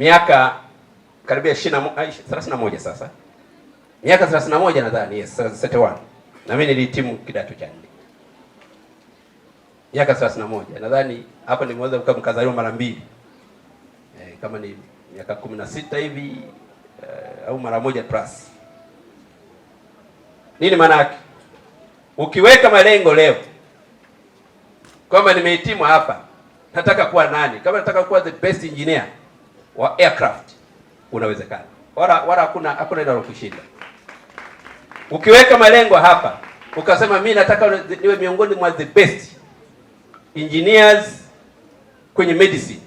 miaka karibia 31 ah, sasa, miaka 31 nadhani, yes 31, na mimi nilihitimu kidato cha nne miaka 31. Nadhani hapo nimeweza kukaa mkazaliwa mara mbili e, kama ni miaka 16 hivi e, au mara moja plus. Nini maana yake? Ukiweka malengo leo kwamba nimehitimu hapa, nataka kuwa nani? Kama nataka kuwa the best engineer wa aircraft unawezekana, wala wala hakuna hakuna ile kushinda. Ukiweka malengo hapa ukasema mimi nataka niwe miongoni mwa the best engineers kwenye medicine,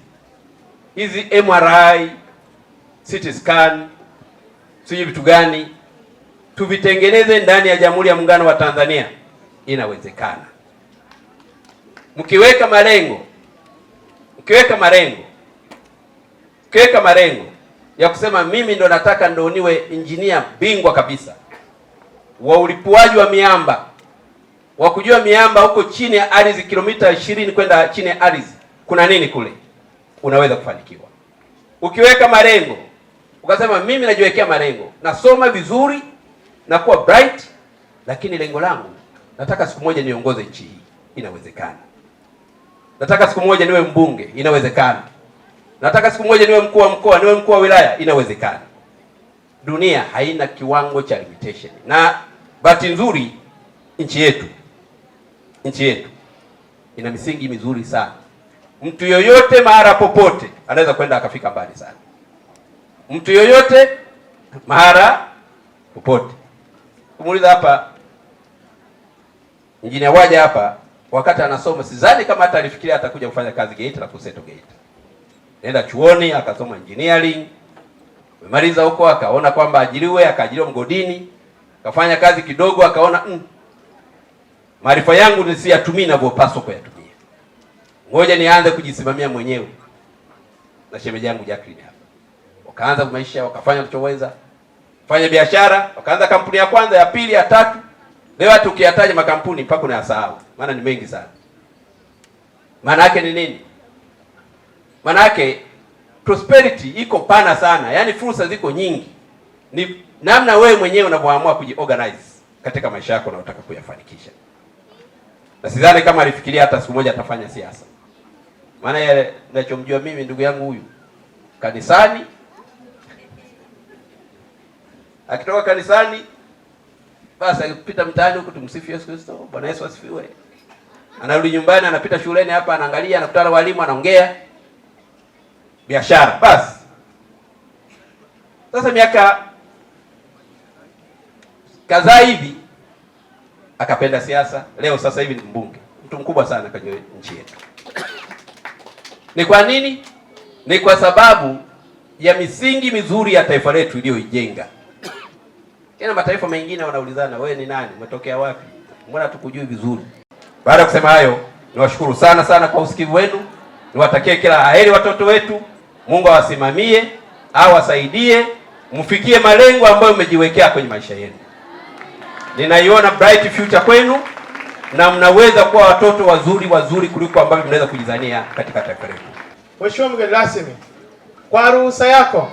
hizi MRI, CT scan, sijui vitu gani, tuvitengeneze ndani ya Jamhuri ya Muungano wa Tanzania. Inawezekana mkiweka malengo, mkiweka malengo ukiweka malengo ya kusema mimi ndo nataka ndo niwe injinia bingwa kabisa wa ulipuaji wa miamba, wa kujua miamba huko chini ya ardhi kilomita ishirini kwenda chini ya ardhi kuna nini kule, unaweza kufanikiwa. Ukiweka malengo ukasema mimi najiwekea malengo, nasoma vizuri na kuwa bright, lakini lengo langu nataka siku moja niongoze nchi hii, inawezekana. Nataka siku moja niwe mbunge, inawezekana nataka siku moja niwe mkuu wa mkoa, niwe mkuu wa wilaya. Inawezekana, dunia haina kiwango cha limitation. Na bahati nzuri nchi yetu, nchi yetu ina misingi mizuri sana. Mtu yoyote mahara popote anaweza kwenda akafika mbali sana, mtu yoyote mahara popote. Kumuuliza hapa mjini waja hapa wakati anasoma, sidhani kama hata alifikiria atakuja kufanya kazi Geita na kuseto Geita nenda chuoni akasoma engineering, amemaliza huko akaona kwamba ajiriwe, akaajiriwa mgodini, akafanya kazi kidogo, akaona mm, maarifa yangu nisiyatumii ninavyopaswa kuyatumia, ngoja nianze kujisimamia mwenyewe. Na shemeji yangu Jacqueline hapa wakaanza maisha, wakafanya walichoweza, fanya biashara, wakaanza kampuni ya kwanza, ya pili, ya tatu. Leo hata ukiyataja makampuni mpaka unayasahau, maana ni mengi sana. Maana yake ni nini? Manake prosperity iko pana sana, yaani fursa ziko nyingi, ni namna wewe mwenyewe unavyoamua kujiorganize katika maisha yako unayotaka kuyafanikisha. Na sidhani kama alifikiria hata siku moja atafanya siasa, maana yeye ninachomjua mimi, ndugu yangu huyu kanisani, akitoka kanisani basi akipita mtaani huko, tumsifu Yesu Kristo, Bwana Yesu asifiwe. Anarudi nyumbani, anapita shuleni hapa, anaangalia, anakutana walimu, anaongea biashara basi. Sasa miaka kadhaa hivi akapenda siasa, leo sasa hivi ni mbunge, mtu mkubwa sana kwenye nchi yetu. Ni kwa nini? Ni kwa sababu ya misingi mizuri ya taifa letu iliyoijenga. kina mataifa mengine wanaulizana, wewe ni nani? Umetokea wapi? Mbona tukujui vizuri? Baada ya kusema hayo, niwashukuru sana sana kwa usikivu wenu, niwatakie kila aheri watoto wetu. Mungu awasimamie, awasaidie mfikie malengo ambayo mmejiwekea kwenye maisha yenu. Ninaiona bright future kwenu na mnaweza kuwa watoto wazuri wazuri kuliko ambavyo mnaweza kujizania katika taifa letu. Mheshimiwa mgeni rasmi, kwa ruhusa yako,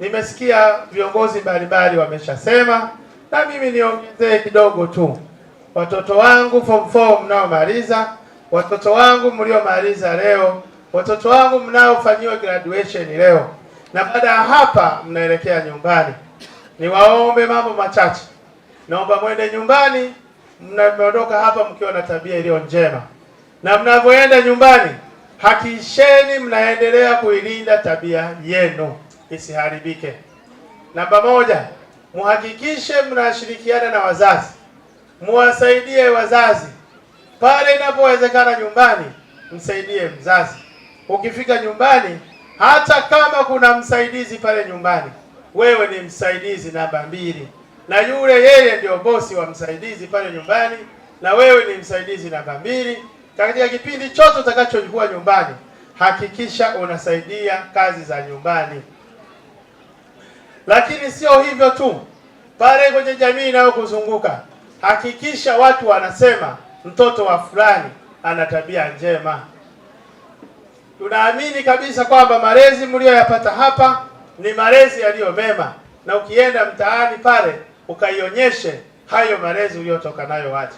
nimesikia viongozi mbalimbali wameshasema, na mimi niongezee kidogo tu. Watoto wangu form 4 mnaomaliza, watoto wangu mliomaliza leo watoto wangu mnaofanyiwa graduation leo na baada ya hapa mnaelekea nyumbani, niwaombe mambo machache. Naomba mwende nyumbani, mnaondoka hapa mkiwa na tabia iliyo njema, na mnavyoenda nyumbani hakikisheni mnaendelea kuilinda tabia yenu isiharibike. Namba moja, muhakikishe mnashirikiana na wazazi, muwasaidie wazazi pale inapowezekana nyumbani, msaidie mzazi Ukifika nyumbani, hata kama kuna msaidizi pale nyumbani, wewe ni msaidizi namba mbili, na yule yeye ndio bosi wa msaidizi pale nyumbani, na wewe ni msaidizi namba mbili. Katika kipindi chote utakachokuwa nyumbani, hakikisha unasaidia kazi za nyumbani. Lakini sio hivyo tu, pale kwenye jamii inayokuzunguka hakikisha watu wanasema mtoto wa fulani ana tabia njema tunaamini kabisa kwamba malezi mliyoyapata hapa ni malezi yaliyo mema, na ukienda mtaani pale ukaionyeshe hayo malezi uliyotoka nayo watu.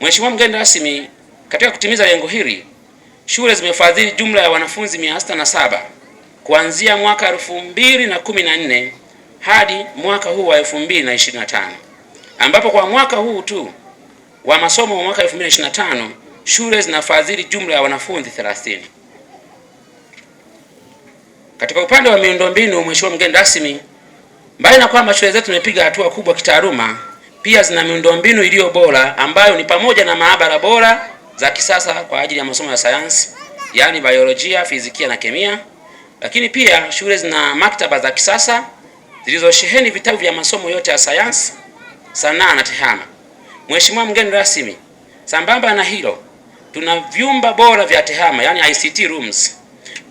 Mheshimiwa mgeni rasmi, katika kutimiza lengo hili shule zimefadhili jumla ya wanafunzi mia na saba kuanzia mwaka elfu mbili na kumi na nne hadi mwaka huu wa elfu na tano ambapo kwa mwaka huu tu wa masomo wa mwaka 2025 shule zinafadhili jumla ya wanafunzi 30. Katika upande wa miundombinu, mheshimiwa mgeni rasmi, mbali na kwamba shule zetu zimepiga hatua kubwa kitaaluma, pia zina miundombinu iliyo bora ambayo ni pamoja na maabara bora za kisasa kwa ajili ya masomo ya sayansi, yaani biolojia, fizikia na kemia. Lakini pia shule zina maktaba za kisasa zilizosheheni vitabu vya masomo yote ya sayansi, sanaa na tehama. Mheshimiwa mgeni rasmi, sambamba na hilo, tuna vyumba bora vya tehama, yani ICT rooms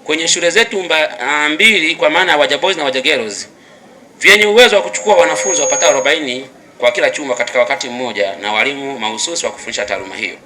kwenye shule zetu ah, mbili kwa maana ya Waja Boys na Waja Girls vyenye uwezo wa kuchukua wanafunzi wapatao 40 kwa kila chumba katika wakati mmoja na walimu mahususi wa kufundisha taaluma hiyo.